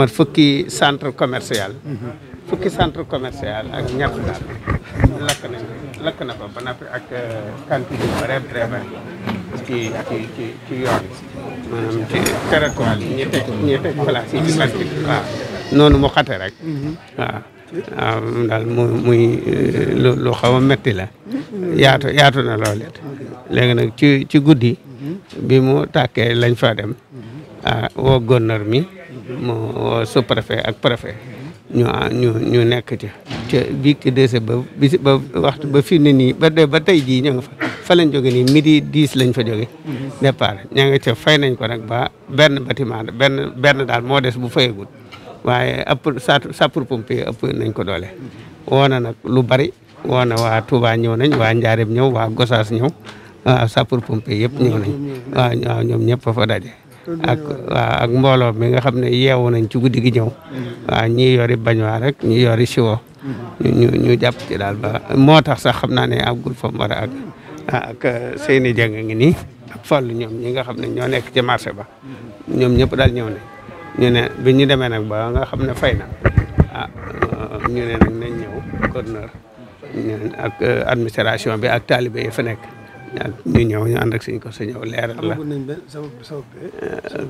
ma fukki centre commercial fukki centre commercial ak ñett daal lakk lakk na ko ba noppi ak euh, quantité brève brève ci ci ci ci yoon ci territoire yi waaw noonu mu xate rek waaw waaw mu muy euh, lu xaw a metti la yaatu yaatu na lool it léegi nag ci ci guddi bi mu tàkkee lañ fa dem ah, woo gouverneur mi moo sous préfet ak préfet ñu ñu ñu nekk ci ca biig ci dese ba ba waxtu ba fi ne nii ba de ba tey jii ña nga fa fa lañ jóge nii midi diis lañ fa joge départ ña nga ca fay nañ ko nag ba benn bâtiment benn benn daal moo des bu fayagul waaye ëpp sapeur pompier ëpp nañ ko doole woona nag lu bari woona waa Touba ñëw nañ waa Njaareem ñëw waa Gosaas ñëw waa sapeur pompier yëpp ñëw nañ waaw ñoom ñëpp fa daje ak waaw ak mbooloo mi nga xam ne yeewu nañ ci guddi gi ñëw waaw ñii yori bañuwaar rek ñii yori siwo ñu ñu jàpp ci daal moo tax sax xam naa ne àggul fa mu war ak euh, seeni jàng ngi ni ak fàllu ñoom ñi nga xam ne ñoo nekk ci marché ba ñoom ñëpp daal ñëw ne ñu ne bi ñu demee nag ba nga xam ne fay na ah, ñu ne nag nañ ñëw gouverneur ak euh, administration bi ak taalibe yi fa nekk ak ñu ñëw ñu ànd ak suñ ko suñu leeral la. Eh,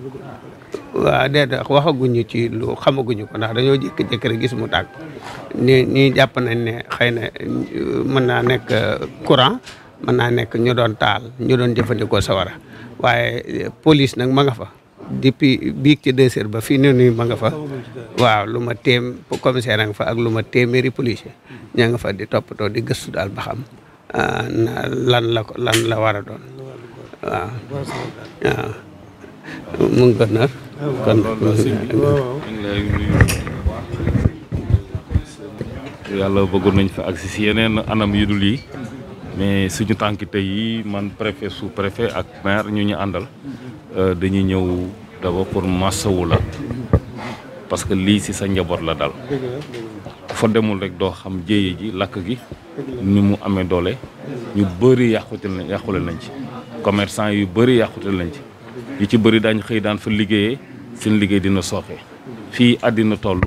waaw déedéet waxaguñu ci lu xamaguñu ko ndax dañoo jékki-jékki rek gis mu tàgg. ni ñii jàpp nañ ne xëy na uh, mën naa nekk uh, courant mën naa nekk ñu doon taal ñu doon jëfandikoo sawara waaye uh, police nag ma nga fa. depuis biig ci deux ba fii ne nuyu ma nga fa waaw lu ma téem commissaire a nga fa ak lu ma téeméeri policier mm-hmm. ña nga fa di toppatoo di gëstu daal ba xam lan la ko lan la war a doon waaw mu ngi kon yàlla bëggoon nañ fa agsi si yeneen anam yu dul yi mais suñu tànk tey yi man préfet sous préfet ak maire ñu ñu àndal euh, dañuy ñëw d'abord pour massawu la parce que lii si sa njaboot la dal fa demul rek doo xam jéye ji lakk gi ni mu amee doole ñu bëri yàqutil na yàqule nañ ci commerçant yu bëri yàqutil nañ ci yu ci bëri daañ xëy daan fa liggéeyee seen liggéey dina sooxe fii àddina toll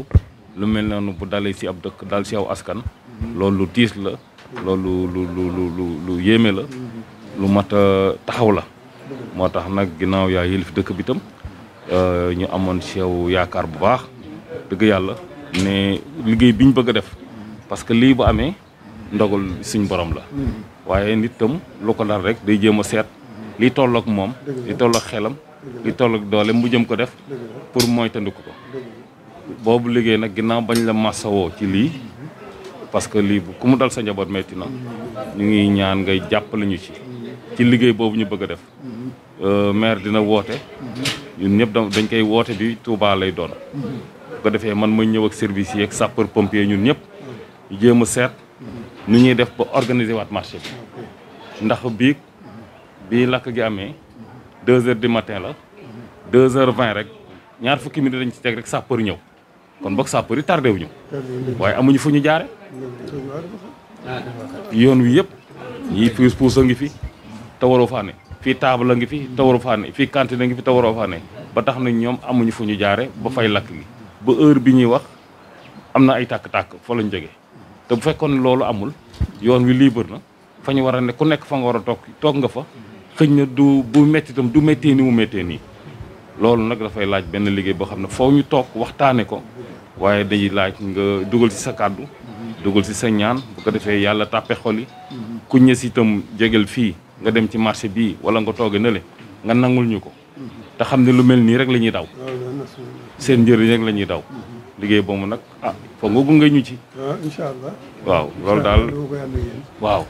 lu mel noonu bu dalee si ab dëkk dal si aw askan loolu lu diis la loolu lu lu lu lu yéeme la lu mat a taxaw la moo tax nag ginnaaw yaa yëlif dëkk bi tam euh, ñu amoon si yaakaar bu baax dëgg yàlla ne liggéey bi ñu bëgg a def parce que lii bu amee ndogul suñ borom la waaye nit tam lu ko dal rek day jéem a seet li tolloog moom li tolloog xelam li tolloog doole mu jëm ko def pour moytandiku ko boobu liggéey nag ginnaaw bañ la masawoo ci lii parce que lii ku mu dal sa njaboot metti na ñu ngi ñaan ngay jàppale ñu ci ci liggéey boobu ñu bëgg a def euh, maire dina woote ñun ñëpp dañ koy woote bi Touba lay doon ko defee man ma ñëw ak service yi ak sapeur pompier ñun ñëpp jéem a seet nu ñuy def ba organiser waat marché ndax bii bii lakk gi amee deux heures du la deux heures vingt rek ñaar fukki minutes dañ ci teg rek sapeur ñëw kon boog sapeur yi tardé wuñu waaye amuñu fu ñu jaare yoon wi yëpp ñii puus puus a ngi fi te waroo faa ne fii a ngi fi te waroo faa ne fii cantine a ngi fi te waroo faa ba tax nañ ñoom amuñu fu ñu jaare ba fay lakk gi ba heure bi ñuy wax am na ay tàkk-tàkk fa lañ jege te bu fekkoon loolu amul yoon wi libre na fa ñu war a ne ku nekk fa nga war a toog toog nga fa xëñ na du bu métti du méttee ni mu méttee nii loolu nag dafay laaj benn liggéey boo xam ne foo ñu toog waxtaane ko waaye day laaj nga dugal ci sa kàddu dugal ci sa ñaan bu ko defee yàlla tàppe xol yi ku ñës itam jégal fii nga dem ci marché bii wala nga tooge na le nga nangul ñu ko te xam ne lu mel nii rek la ñuy daw seen njëriñ rek la ñuy daw liggéey boobu nag ah foog nga gunge ñu ci ah, incha waaw loolu daal waaw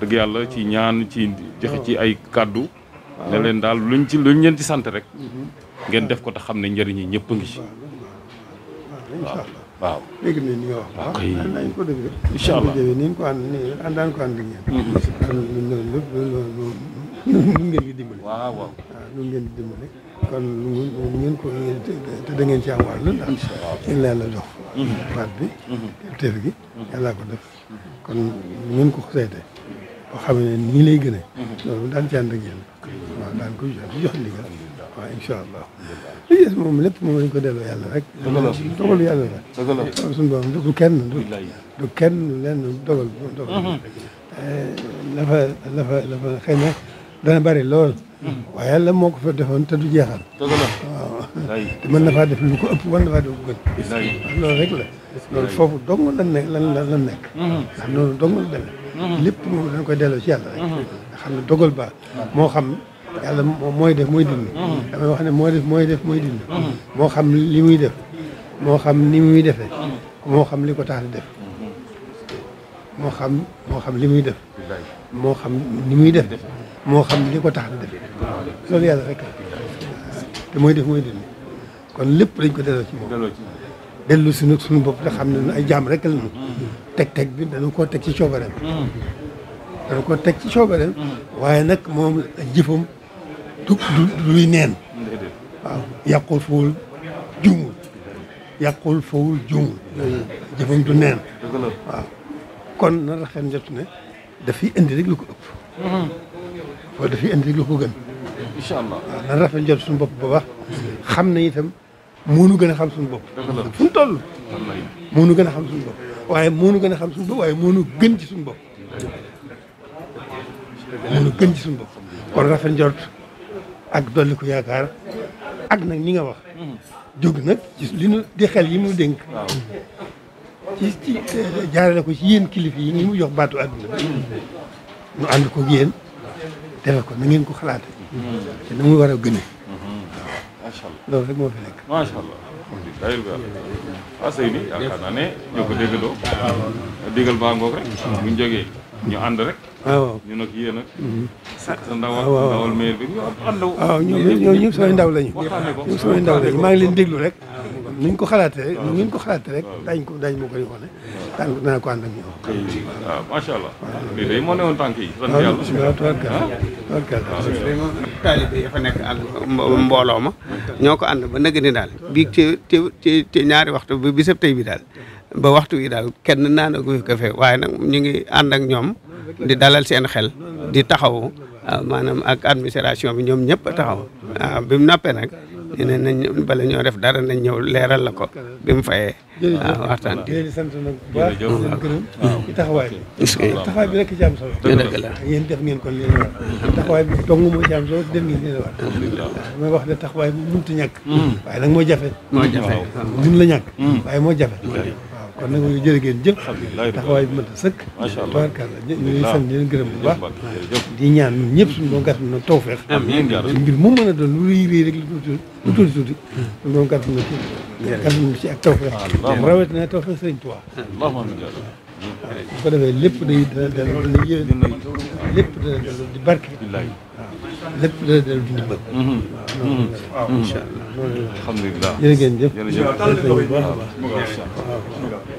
dëgg yàlla ci ñaan ci joxe ci ay kàddu ne leen daal luñ ci luñ leen ci sant rek mhm. ngeen def ko te xam ne njëriñ yi ñëpp a ngi ci waaw waaw nun ngeen di dimbale. waaw waaw nun ah, ngeen di dimbale kon lu ngeen ko te da ngeen ci am wàll ndax yéen la yàlla jox mhm. baat bi mhm. teef gi mhm. yàllaa ko def kon lu ngeen ko sayte boo xam ne nii lay gën a loolu daan ci ànd ak yéen waaw daan ko jox ndigal waaw incha allah li des moom lépp moom lañ ko delloo yàlla rek dogalu yàlla rek suñu borom du kenn du kenn lenn dogal dogal eh, lafa lafa lafa xëy na dana bari lool. waaye yàlla moo ko fa defoon te du jeexal. dëgg mën na faa def lu ko ëpp mën na faa def lu gën. rek la. loolu foofu dong lan ne lan lan nekk. ndax mhm. noonu dong la demee. Mhm. lépp moom dañ koy delloo ci yàlla rek. Mhm. nga xam ne dogal ba moo xam. yàlla mooy def mooy dindi. damay wax ne moo def mooy def mooy dindi. moo xam li muy def. moo xam ni muy defee. moo xam li ko tax def. moo xam moo xam li muy def. moo xam ni muy def. moo xam li ko tax a defee loolu yàlla rek te mooy def mooy dindi kon lépp dañ ko delloo ci moom. dellu si nag suñu bopp te xam ne ay jaam rek lañu. teg-teg bi dañu koo teg ci coobareem. dañu koo teg ci coobareem. nag moom jëfam du du luy neen. waaw yàqul fawul juumul neen. waaw kon na la xam njort ne dafiy indi rek lu ko ëpp. wala dafay indi lu ko gën. incha nan rafet jot suñu bopp bu baax. xam na tam moonu gën a xam suñu bopp. fu mu toll. moonu gën a xam suñu bopp waaye moonu gën a xam suñu bopp moonu gën ji suñu bopp. moonu kon rafet jot ak dolli ko yaakaar ak nag ni nga wax. Mm-hmm. jóg nag ci li nu di xel yi mu dénk. ci ci eh, ko ci yéen kilifa yi ni mu jox baatu àdduna bi. Mm-hmm. nu ànd ko yéen. defe ko na ngeen ko xalaate te na mu war a gëne macha allah loolu rek moo fi nekk macha allah alhamdulilah waaw sëy ni yaakaar naa baa ngoog rek buñ jógee ñu ànd rek ah, waaw ñu nag yéen ak mm-hmm. sa ndawal ah, ndawal maire bi ñu ànd waaw ah, ñoom ñoom ñëpp samay ndaw ndaw lañu maa ngi leen déglu rek nuñ ko xalaatee rek ah, nuñ ko xalaatee rek ah, ko daañu moo koy wane daan danaa ko ànd ak ñoom ah, waaw fa nekk mbooloo ma ñoo ko ànd ba nëgg ni daal bii ci ci ci ñaari waxtu bi bisab tey bi daal ba waxtu wi daal kenn naana gu fi ko fe waaye nag ñu ngi ànd ak ñoom di dalal seen xel di taxaw maanaam ak administration bi ñoom ñëpp taxaw waaw bi nag nee na nañ bala def dara nañ ñëw leeral la ko bi mu fayee. waxtaan bi sant nañ bu baax seen gërëm taxawaay bi. taxawaay bi rek ci am solo. dëgg la yéen def ngeen kon leen war taxawaay bi dong moo ci am solo dem ngeen leen war. mooy wax ne taxawaay bi mënut a ñàkk. Hmm. waaye nag moo jafe. moo jafe waaw la ñàkk. Hmm. waaye moo jafe. kon nag mooy jërë ngeen jëf taxawaay bi mënta sëkk tabarkàlla ñu ngi sant di leen gërëm bu baax di ñaan ñun ñëpp suñu borom gàttal na taw feex a doon lu rëy rëy rek lu tuuti tuuti suñu borom gàttal na ci gàttal na ci ak taw feex rawet na taw feex sëriñ Tuubaa waaw lépp day dana dana lépp dana di barke lépp dana dellu ci ndimbal. Mm-hmm. Mm-hmm. waaw mm-hmm. incha allah. alhamdulilah jërë ngeen jëf. jërëjëf jërëjëf bu baax a baax.